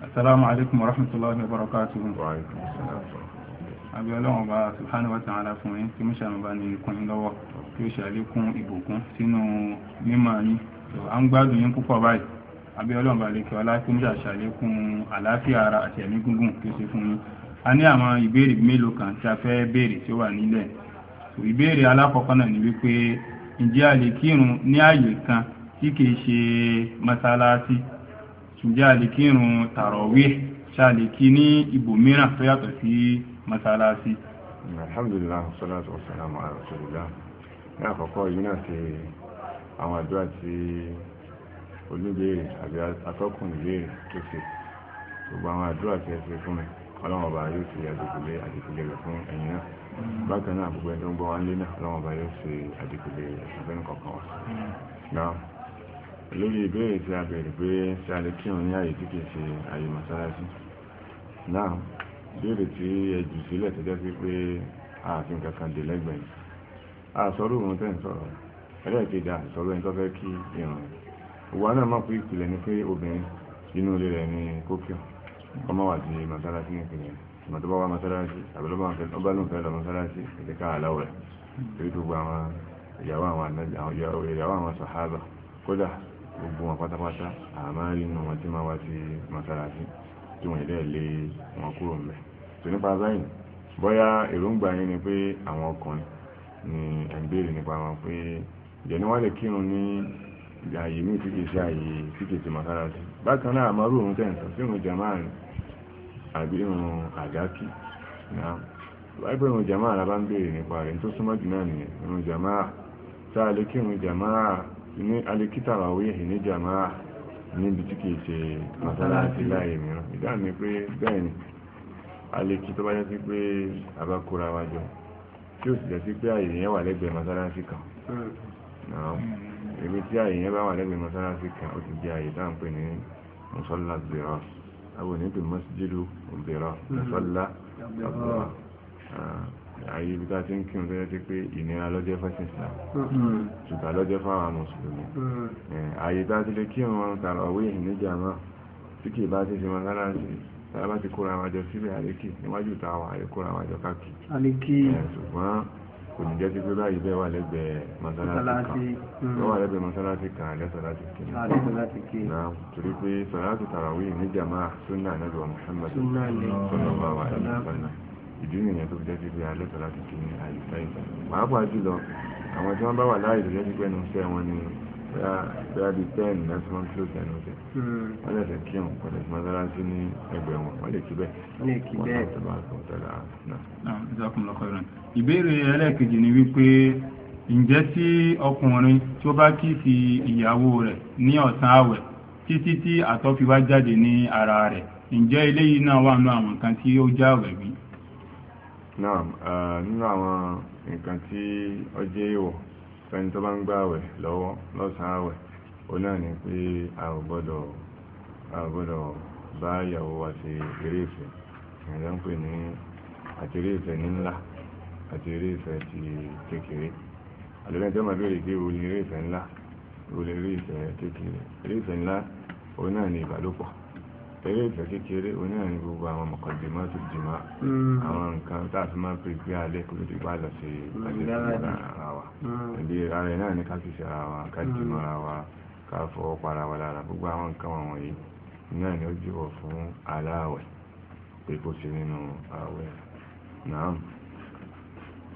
Assalamu alaikum wa rahmatullahi wa barakatuhu. Wa alaikum assalam. Àbí ọlọ́run bá subhanahu wa ta'ala fún yín tí mo ṣàmùbá ní ikún yín lọ́wọ́ kí ó ṣe àlékún ìbùkún sínú mímọ̀ yín. À ń gbádùn yín púpọ̀ báyìí. Àbí ọlọ́run bá lè kí ọlá tí mo ṣàṣàlékún àlàáfíà ara àti ẹ̀mí gúngùn kí ó ṣe fún yín. A ní àwọn ìbéèrè mélòó kan tí a fẹ́ béèrè tí ó wà nílẹ̀. Ìbéèrè alákọ̀ọ́kọ́ náà ni wípé ǹjẹ́ a lè kírun ní àyè kan tí kìí ṣe mọ́sálásí ǹjẹ́ a lè kírun tàrọ̀wí ṣá lè kí ní ibòmíràn tó yàtọ̀ sí mọ́sálásí. alhamdulilah salatu wa salam ala rasulillah ní àkọ́kọ́ yìí náà ṣe àwọn àdúrà tí olúbèrè àbí atọ́kùn ìbéèrè tó ṣe gbogbo àwọn àdúrà tí ẹ ṣe fún yóò ṣe àdìkúlé àdìkúlé rẹ̀ wá náà lórí ìbéèrè tí a bẹ̀rẹ̀ pé ṣe a lè kírun ní tí kìí ṣe àyè mọ́sálásí náà béèrè tí ẹ sílẹ̀ tó jẹ́ sí pé ààfin kankan dè lẹ́gbẹ̀ẹ́ òun ń sọ̀rọ̀ ẹlẹ́ẹ̀kejì ẹni tó fẹ́ kí náà ìpìlẹ̀ ni pé obìnrin inú ilé rẹ̀ ni ọmọ wà ìmọ̀ wá àbí gbogbo wọn pátápátá àmá nínú wọn tí máa wá sí mọ́sálásí tí wọ́n ilẹ̀ lé wọn kúrò ń bẹ̀ tó nípa báyìí bóyá èròǹgbà yín ni pé àwọn ọkùnrin ni ẹ̀ ń béèrè nípa wọn pé ìjẹ́ ni wọ́n lè kírun ní ààyè ní ìtìkì sí ààyè títì tí mọ́sálásí bákan náà àmọ́rú òun tẹ̀ ń sọ sí òun jàmáà ni àbí òun àdákì náà wáyé pé òun jàmáà la bá ń béèrè nípa rẹ̀ tó súnmọ́ jù náà nìyẹn òun jàmáà tá a lè kírun jàmáà ní alikítàràwé yìí ní jàmáà níbi tí kìí ṣe mọ́sálásí láàyè mìíràn ìdáhùn ni pé bẹ́ẹ̀ ni alekí tó bá jẹ́ sí pé àbákúra wa jọ tí ó sì jẹ́ sí pé àyè yẹn wà lẹ́gbẹ̀ẹ́ mọ́sálásí kan ibi hmm. tí àyè bá wà lẹ́gbẹ̀ẹ́ mọ́sálásí kan ó ti jẹ́ àyè tá à ń pè ní mọ́sálá zero àwọn onípe mọ́sídìlú òbẹ̀rọ mọ́sálá zero hmm àyè ibi tá a ti ń kírun tó yẹ ti pé ìnira lọ́jẹ́ fẹ́sìn islam mm-hmm. ṣùgbọ́n lọ́jẹ́ fáwọn mùsùlùmí mm-hmm. eh, àyè tá a ti lè kírun wọn tààrà òwe ìní jàmá tí kì í bá ti ṣe wọn lára sí tààrà ti kóra wọn jọ sílẹ̀ àlékì níwájú ìta àwọn àyè kóra wọn jọ káàkiri eh, ṣùgbọ́n kò ní jẹ́ ti pé báyìí bẹ́ẹ̀ wà lẹ́gbẹ̀ẹ́ mọ́sálásí kan wọ́n mm-hmm. wà lẹ́gbẹ̀ẹ́ mọ́sálásí kan alẹ́sọ̀láti torí pé sọ̀rọ̀ àti tààrà ìdí nìyẹn tó fi jẹ́ sí pé alẹ́tọ̀ láti kí ní àyíká ìgbà pàápàá jùlọ àwọn tí wọ́n bá wà láàyè tó jẹ́ sí pé ẹnu iṣẹ́ wọn ni bóyá bíi tẹ́ẹ̀nì láti wọ́n kíló tẹ́ẹ̀nì ọ̀sẹ̀ wọ́n lè fẹ́ kí wọn kọ́ lè fi mọ́sálásí ní ẹgbẹ́ wọn wọ́n lè kí bẹ́ẹ̀ wọ́n lè tó bá kọ́ tẹ́lẹ̀ náà. ìbéèrè ẹlẹ́ẹ̀kejì ni wípé ǹjẹ́ tí ọkùnrin tí ó bá kí fi ìyàwó rẹ̀ ní ọ̀sán àwẹ̀ títí tí àtọ̀ fi wá jáde ní ara rẹ̀ ǹjẹ́ eléyìí náà wà nù àwọn kan tí ó já àwẹ̀ náà nínú àwọn nǹkan tí ọjẹ́ ìwọ̀ fẹ́ni tó bá ń gbà àwẹ̀ lọ́wọ́ lọ́sàn-án àwẹ̀ ó náà ni pé a ò gbọ́dọ̀ bá ìyàwó wa ṣe eré ìfẹ́ ìrìnlẹ́ ń pè ní àti eré ìfẹ́ ní ńlá àti eré ìfẹ́ ti kékeré àlùfẹ́ tó máa bèèrè pé o lè eré ìfẹ́ ńlá o lè eré ìfẹ́ kékeré eré ìfẹ́ ńlá òun náà ni ìbálòpọ̀ eré ìtàn kékeré o ní gbogbo àwọn mọ̀kànjẹ̀mọ́ tó jìmọ́ hmm. àwọn nǹkan tá a fi máa ń pè pé alẹ́ kó ló ti bá lọ sí àjẹsí hmm, ara wa hmm. ẹbí ara ẹ̀ náà ní ká fi ṣara wa ká jìmọ́ ara wa ká fọwọ́ para wa lára gbogbo àwọn nǹkan wọn wọ̀nyí náà ni ó jùwọ̀ fún aláàwẹ̀ pé kó sí nínú ààwẹ̀ náà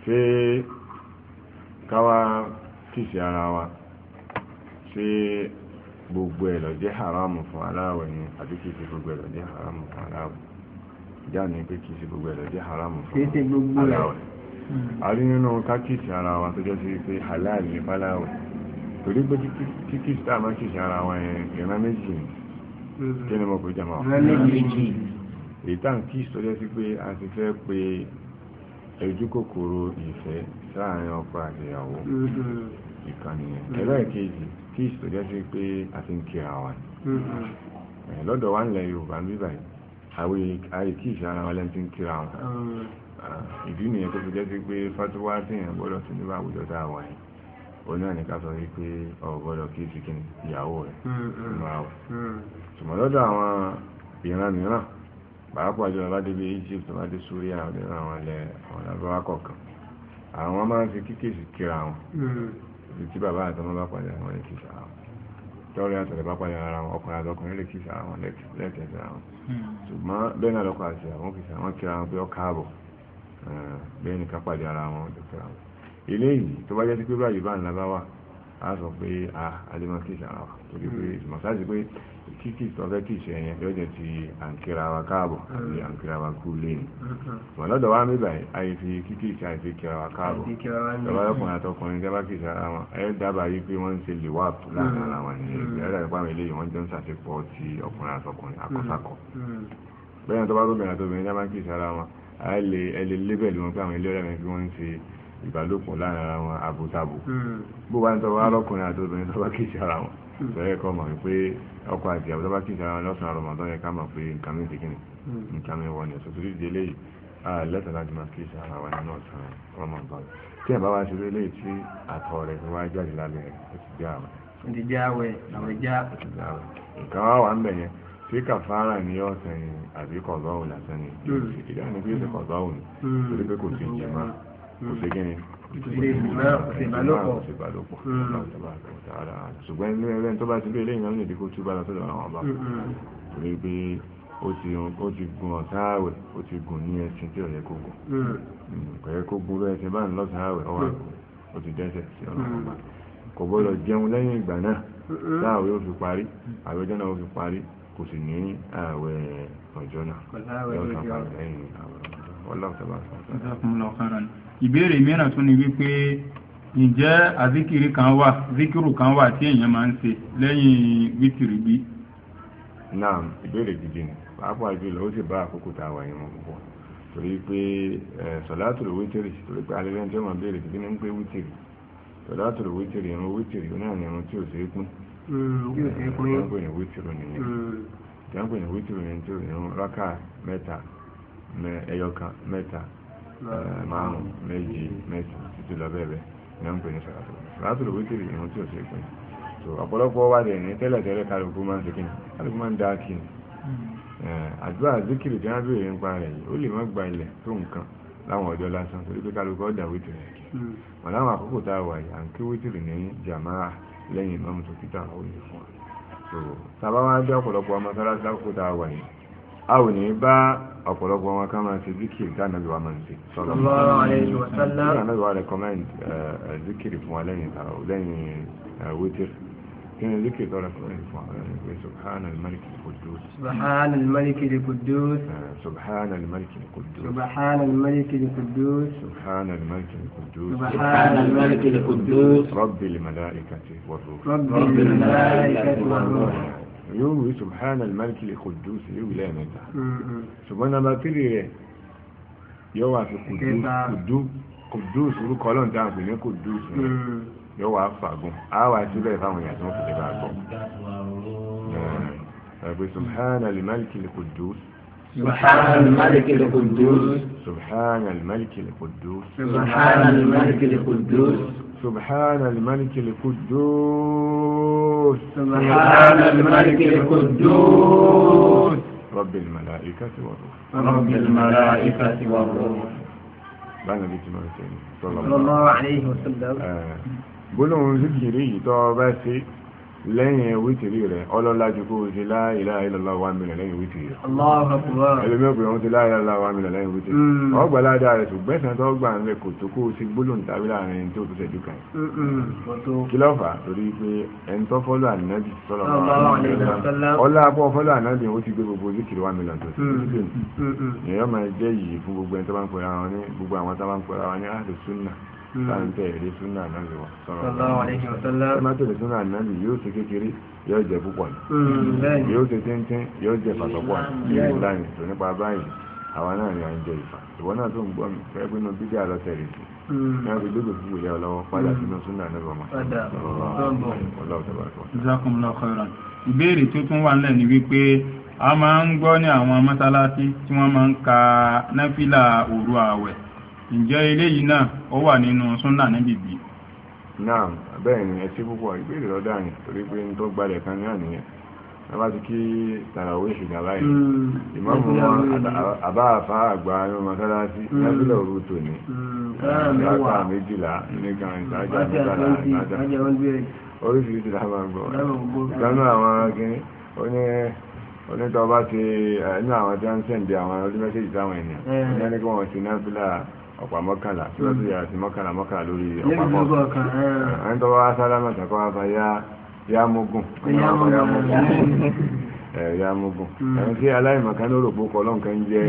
ṣé káwa kìsì gbogbo ẹ̀ ló jẹ́ haramu fún aláwẹ̀ ni kìí gbogbo ẹ̀ ló haramu fún aláwẹ̀ jáde pé kìí gbogbo ẹ̀ ló haramu fún aláwẹ̀ àrí hmm. nínú kákìsì ara wa tó jẹ́ sí pé halal ní torí pé kíkìsì tá a máa kìsì ara wa yẹn ìran méjì hmm. kí ni mo pè jẹ́ mọ́ èyí tá à ń kìsì tó jẹ́ sí pé a ti fẹ́ pe ẹjú kòkòrò ìfẹ́ ìkànnì yẹn mm-hmm. ẹlẹ́ẹ̀kejì kiss tó jẹ́ sí pé a ti ń kíra wa ni mm-hmm. lọ́dọ̀ wa ń lẹ yorùbá ń bíbà yìí àwọn àyè kiss ara wa lẹ́nu ti ń kíra wọn mm-hmm. ah, ìdí nìyẹn tó fi jẹ́ sí pé fatuwa tí èèyàn gbọ́dọ̀ sí nígbà àwùjọ tá a wà yìí òun náà ní ká sọ wípé ọ̀ gbọ́dọ̀ kí sí kíni ìyàwó rẹ̀ nínú àwọ̀ ṣùgbọ́n lọ́dọ̀ àwọn ìran mìíràn pàápàá jọ bá débi Egypt bá dé Syria nínú àwọn ilẹ̀ àwọn alábọ́wá kọ̀ọ̀kan àwọn máa ń fi kíkèsí kíra wọn tí bàbá àtọmọ bá padà wọn lè kí sára wọn tọ́rẹ àtọ̀rẹ̀ bá padà ara wọn ọkùnrin àtọkùnrin lè kí sára wọn lẹ́ẹ̀kẹ́ sára wọn hmm. ṣùgbọ́n bẹ́ẹ̀ náà lọ́kọ̀ àti àwọn kì sára wọn kíra wọn pé ọ káàbọ̀ bẹ́ẹ̀ nìkan pàdé ara wọn lè kíra wọn eléyìí tó bá jẹ́ sí pé báyìí bá ńlá bá wà a sọ pé a alimọ kí ìṣàrà wa torí pé hmm. ìmọ̀sáàsì pé kíkì tọ́fẹ́ kì í ṣe ẹyẹn yóò jẹ́ ti àǹkíra wa káàbọ̀ àti hmm. àǹkíra wa kú lẹ́nu hmm. mọ̀ lọ́dọ̀ wa mi báyìí àyè fi kíkì ìṣe àyè fi kíra wa káàbọ̀ ìjọba ọkùnrin àtọkùnrin jẹ́ bá kì í ṣe ara wọn ẹ dábàá yìí pé wọ́n ń ṣe lìwáp láàrin ara wọn ní ìgbẹ́ ẹ̀rọ ìpamọ́ eléyìí wọ́n jọ ń ṣàṣepọ̀ ti ọkùnrin àtọkùnrin àkọ́sàkọ́ bẹ́ẹ̀ tó bá gómìnà tó bẹ̀rẹ̀ ní abáńkì ìṣe ara wọn a lè lébẹ̀lì wọn pé àwọn ilé ọ̀rẹ́ mi fi wọ́n ń ṣe ìbálòpọ̀ láàrin ara wọn àbòtàbò hmm. bó bá ń tọrọ arọkùnrin àti obìnrin tó bá kìsì ara wọn lọ́yẹ̀ hmm. kọ́ mọ̀ pé ọkọ àti ìyàwó tó bá kìsì ara wọn lọ́sàn-án rọmọdún yẹ ká mọ̀ pé nǹkan mi ti kíni hmm. nǹkan mi wọ ni ọ̀sọ̀ torí ìdílé yìí lẹ́tọ̀ láti máa kìsì ara wa nínú ọ̀sán rọmọdún tí ẹ̀ bá wá ṣe lélẹ́yìí tí àtọ̀ rẹ̀ wá jáde lábẹ́ rẹ̀ ó ti já àwọn ìdíjáwẹ̀ àwẹ̀já. nǹkan wá wà ń bẹ̀ yẹn tí kàfàrà ní ọ̀sẹ̀ yìí àbí kọ̀ọ̀lọ́wù lásán ni ìdáhùn pé ó ṣe kọ̀ọ̀lọ́wù ni torí pé kò sí jẹ máa kò sí kíni hmm. ṣùgbọ́n ilé ẹlẹ́ni tó bá ti bí eléyìí náà nìdí kó túbà lọ́sọ̀dọ̀ àwọn ọba hmm, hmm. torí pé ó ti gun ọ̀sán ààwẹ̀ ó ti gùn ní ẹṣin tí ọ̀yẹ́ kó gùn ọ̀yẹ́ kó gùn lọ́ẹ̀ṣin bá ń lọ́sàn ààwẹ̀ ọwọ́ ó ti dẹ́ṣẹ̀ sí ọ̀nà ọba kò gbọ́dọ̀ jẹun lẹ́yìn ìgbà náà láàwẹ̀ ó fi parí àwẹ̀ náà ó fi parí kò sì ní ààwẹ̀ ọjọ́ náà lọ́sàn ààwẹ̀ lẹ́yìn àwẹ̀ ọjọ́ ìbéèrè mìíràn tún ni wípé ǹjẹ́ àzíkiri kan wà zíkírù kan wà tí èèyàn máa ń lẹ́yìn wítìrì bí. náà ìbéèrè gidi ni pàápàá jùlọ ó sì bá àkókò tá a wà yẹn mọ púpọ̀ torí pé sọ̀látùrù wítìrì torí pé alẹ́ lẹ́yìn tí wọ́n béèrè kí ni ń pé wítìrì sọ̀látùrù wítìrì irun wítìrì náà irun tí ò pín hmm, pè ní wítìrì hmm. pè ní Eh, márùn méje mẹ́sì títí lọ bẹ́ẹ̀ bẹ́ẹ̀ ní wọ́n ń pè ní sàrátù sàrátù wítìrì ìrun tí ò ṣe pé so ọ̀pọ̀lọpọ̀ wà dẹ̀ ní tẹ́lẹ̀ tẹ́lẹ̀ kálukú máa ń ṣe kíni kálukú máa ń dá kíni hmm. eh, àdúrà zikiri tí wọ́n béèrè nípa rẹ̀ yìí ó lè má gba ilẹ̀ tó nǹkan láwọn ọjọ́ lásán torí pé kálukú ọ̀dà wítìrì rẹ̀ kí hmm. wọn láwọn àkókò tá a wà yìí à ń kí wítìrì ní jàmáà lẹ́yìn ìmọ̀mù tó fi tà ó yẹ fún wa so tàbá wá dé ọ̀pọ̀lọpọ̀ ọmọ sára sáfù tá a wà yìí أو نبا أقولك وما في تذكر كان نبي ومن سي صلى الله عليه وسلم أنا دعوة لكمان ذكر في مواليني ترى وديني وتر. كان ذكر دولة في مواليني سبحان الملك القدوس سبحان الملك القدوس سبحان الملك القدوس سبحان الملك القدوس سبحان الملك القدوس سبحان الملك القدوس رب الملائكة والروح رب الملائكة والروح yóò wí subhanal malikil kudus yóò wí lẹ́ẹ̀mẹ́ta ṣùgbọ́n nàbà tírì rẹ̀ yóò wá fi kudus kudus orúkọ ọlọ́run tí a ń pè ní kudus yóò wá fàgùn á wá síbẹ̀ fáwọn èèyàn tó ń fìdí bá gbọ́. ẹ̀gbẹ́ subhanal malikil kudus. سبحان الملك القدوس سبحان الملك القدوس سبحان الملك القدوس سبحان الملك القدوس سبحان الملك القدوس رب الملائكة والروح رب الملائكة والروح بقى نبي جمال صلى الله عليه وسلم آه. ذكري طابسي lẹ́yìn wítìrí rẹ̀ ọlọ́lá ju kó ṣe la ilaha illallah wa mílẹ̀ lẹ́yìn wítìrí rẹ̀. ẹlẹ́mẹ́gbẹ̀ẹ́ wọn ti la ilaha illallah wa mílẹ̀ lẹ́yìn wítìrí rẹ̀. Mm. ọgbà ládà rẹ̀ tó gbẹ̀sán tó gbà ń lẹ kò tó kó ṣe gbólóhùn tàbí láàrin tó tó ṣẹ̀jú kan. kí ló fà á torí pé ẹn tó fọ́lọ́ ànábì sọ̀rọ̀ ọlá pọ̀ fọ́lọ́ ànábì ó ti gbé gbogbo zikiri wa mílẹ̀ tó ṣe Mm. tá ń tẹ̀lé súnà ànábì wa sallallahu alaihi wasallam ẹ má tẹ̀lé súnà ànábì yóò ṣe kékeré yóò jẹ púpọ̀ ni mm, yóò ṣe téńté yóò jẹ fàtọ́pọ̀ ni yóò láyìn tó nípa báyìí àwa náà ni à ń jẹ ìfà ìwọ náà tó ń gbọ́ mi fẹ́ pínu bídí àlọ́ tẹ̀lé sí mm. náà fi gbégbé fún ìyá ọlọ́wọ́ padà sínú súnà ànábì wa ìbéèrè tó tún wà nílẹ̀ ni wípé a máa ń gbọ́ ní àwọn mọ́sálásí tí wọ́n máa ń ka náfìlà òru ààwẹ̀ ǹjẹ́ eléyìí náà ó wà nínú súnà níbi bí. náà bẹ́ẹ̀ ni ẹ púpọ̀ ìbéèrè lọ́dà ni torí pé n tó gbalẹ̀ kan náà nìyẹn wọ́n bá ti kí tàràwé ṣùgbọ́n báyìí hmm, ìmáàmù wọn àbá àfá àgbà ní mọ́sálásí hmm. lábílẹ̀ òru tòní lápá hmm, méjìlá nìkan ìtajà mẹ́tàlá ìtajà oríṣiríṣi lábá ń gbọ́ ìtànú àwọn akíní oní onítọ́ bá ti ẹ̀ẹ́nú àwọn tí wọ́n ń sẹ̀ǹdì àwọn orí táwọn ènìyàn eh. ní wọ́n ti náà ọ̀pá mọ́kànlá tí wọ́n tún yà sí mọ́kànlá mọ́kànlá lórí ọ̀pá mọ́kànlá ẹni tó wá sálámà tàkọ́ wá fa yá yá mógùn yá mógùn mm. ẹni tí aláìmọ̀kan ló rò pé kọ́ lọ́nkà ń jẹ́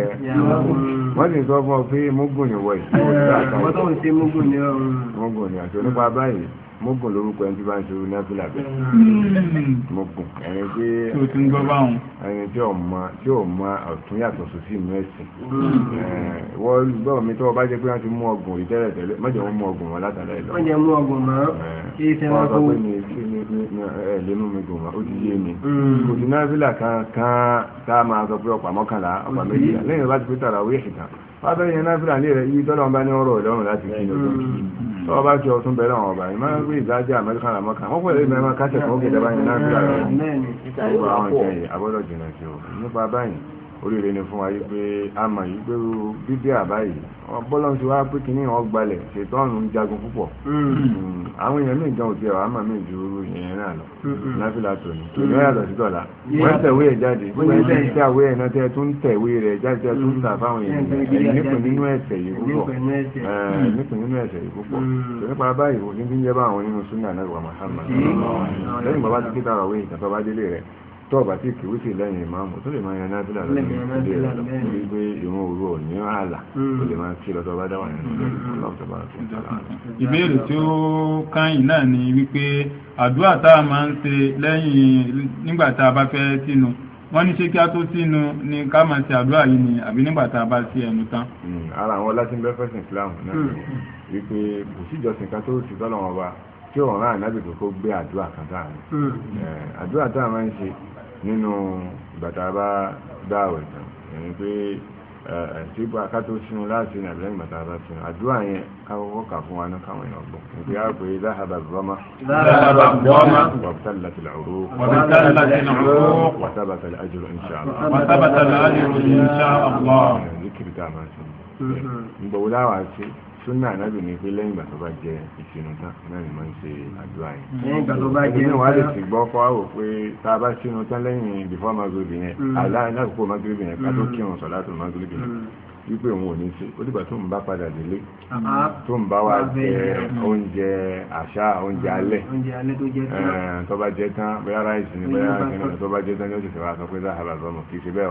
wọ́n sì sọ fún ọ pé mógùn ni wọ́n yìí mógùn ni àti onípa báyìí mọ́gùn lórúkọ ẹni tí bá ń ṣe orí náfìlà bẹ́ẹ̀ mọ́gùn hmm. ẹni tí ẹni tí ọmọ tí ọmọ ọ̀tún yàtọ̀ sí sí inú ẹ̀sìn hmm. wọ́n gbọ́ mi tọ́wọ́ bá jẹ́ pé wọ́n ti mú ọgùn rí tẹ́lẹ̀ tẹ́lẹ̀ mọ́jẹ̀ wọ́n mú ọgùn wọn látara ẹ̀ lọ. mọ́jẹ̀ mú ọgùn mọ́ kí ṣe wọ́n kó. ẹ lẹ́nu mi gùn mọ́ ó ti yé mi hmm. kò sí tá a máa sọ pé ọ̀pá mọ́kànlá ọ̀pá méjìlá lẹ́yìn bá ti fábẹ́ yẹn náà fúlàní rẹ̀ yí tọ́lọ́ bá ní ọ̀rọ̀ ìlọ́run láti kí ní ojú tọ́wọ́ bá ti ọtún bẹ̀rẹ̀ wọn ọba yìí máa ń rí ìdájọ́ amẹ́ríkà làmọ́kà wọ́n pẹ̀lú ìmọ̀ ẹ̀ma kásẹ̀ fún òkè dábàá yẹn náà fúlàní rẹ̀ nípa báyìí oríire ni fún wa yí pé a mọ̀ yí pé bíbí àbáyìí bọ́lọ́n ti wá pé kínní wọn gbalẹ̀ ṣètò ọ̀run ń jagun púpọ̀ hmm. àwọn èèyàn míì gan òkè àwọn àmọ̀ míì ju irú ìyẹn náà lọ hmm. láfíìlà tòní ìyẹn hmm. yàtọ̀ sí dọ̀la wọ́n tẹ̀wé ẹ̀ jáde wọ́n ti ń tẹ̀wé ẹ̀ náà tẹ́ tún tẹ̀wé rẹ̀ jáde tẹ́ tún tà fáwọn èèyàn nípìn nínú ẹ̀sẹ̀ yìí púpọ̀ nípìn nínú ẹ̀sẹ̀ eh, yìí púpọ̀ nípa báyìí òfin ti ń jẹ́ báwọn nínú súnà tó ọ̀bà tí kìí wíṣì lẹ́yìn ìmáàmù tó lè máa yan náfìlà lọ́nà ilé rẹ̀ lórí pé ìwọ̀n òru ò ní ààlà tó hmm. lè máa kí lọ́tọ́ bá dáwà nínú ọlọ́pàá bá tó ń tàlà. ìbéèrè tí ó tá a máa ń ṣe lẹ́yìn tá a bá fẹ́ sínú wọ́n ní ṣé kí a tó sínú ni ká máa ṣe àdúrà yìí ni àbí nígbà tá a bá ṣe ẹnu tán. Hmm. ara àwọn latin breakfast islam náà hmm. wípé kò síjọsìn kan tó ti tọ́lọ́ wọn bá tí òun rán ànábì kò gbé àdúrà kan dáa ni eh, àdúrà tá a máa ń ṣe nínú bàtà bá dáwẹ̀ tán ẹ̀yìn pé sípò akátó sínú láti ní àbílẹ̀ ìgbàtà bá sínú àdúrà yẹn káwọ́ kà fún wa náà káwọn èèyàn gbọ́ nígbà yà pé láhàbà bọ́mà وابتلت العروق وابتلت العروق وثبت الأجر إن شاء الله وثبت الأجر إن شاء الله ذكر تعمى سنة نبولا وعسي سنة نبي نقول لين بس بجي يسينو تا نبي من سي ju àyè. ìdílé wa lè ti gbọ́ kọ́ àwò pé tá a bá sínú tán lẹ́yìn before magrebi yẹn mm. àlá àkókò magrebi yẹn ká tó mm. kírun sọ̀látù magrebi yẹn. Mm wípé òun ò ní sí ó dìgbà tó ń bá padà délé tó ń bá wa jẹ oúnjẹ àṣà oúnjẹ alẹ́ tó bá jẹ tán bóyá ráìsì ni bóyá kìnìún tó bá jẹ tán yóò ṣẹ̀ṣẹ̀ wá sọ pé dáhà bàbá mọ kì í ṣe bẹ́ẹ̀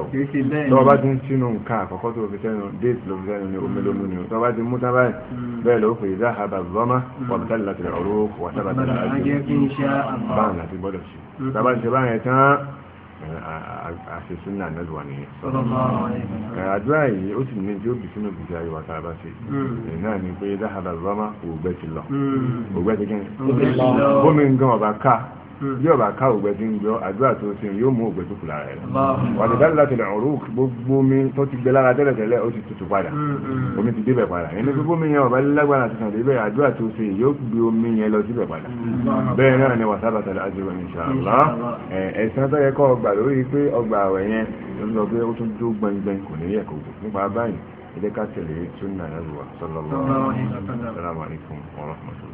o tó bá ti ń sínú nǹkan àkọ́kọ́ tó fi sẹ́nu déètì ló fi sẹ́nu ní omi lómi ni tó bá ti mú tábà hmm. bẹ́ẹ̀ ló pè dáhà bàbá mọ wàbùtá láti rẹ̀ ọ̀rọ̀ wàtábàtà láti bá àṣeṣe ní ànádùá nìyẹn. àdúrà yìí ó sì ní tí ó bì sínú ìgbésí ayé wa tá a bá ṣe. èyí hmm. náà ni pé dáhàbà rọ́mà òògbẹ́ ti lọ. òògbẹ́ nǹkan ọ̀bà ká. Hmm. bí ọba ká ògbẹ tí ń gbọ́ àdúrà tó ṣe yóò mú ògbẹ tó kù lára rẹ̀ wàdìdá láti rẹ ọrùn gbogbo omi tó ti gbẹ lára tẹ́lẹ̀tẹ́lẹ̀ ó ti tutù padà hmm, hmm. omi ti débẹ̀ padà ẹni gbogbo omi yẹn ọba lágbára ti sàn débẹ̀ àdúrà tó ṣe yóò gbé omi yẹn lọ síbẹ̀ padà bẹ́ẹ̀ náà ni wàsábà tẹ̀lé àjẹwò insha Allah ẹ̀sán tó yẹ kọ́ ọgbà lórí pé ọgbà àwẹ̀ yẹn ló sọ pé ó tún dó gbẹngbẹng kò ní yẹ kó nípa báyìí ẹ jẹ́ ká tẹ̀lé sunna nàìjíríà sallallahu alaihi wasallam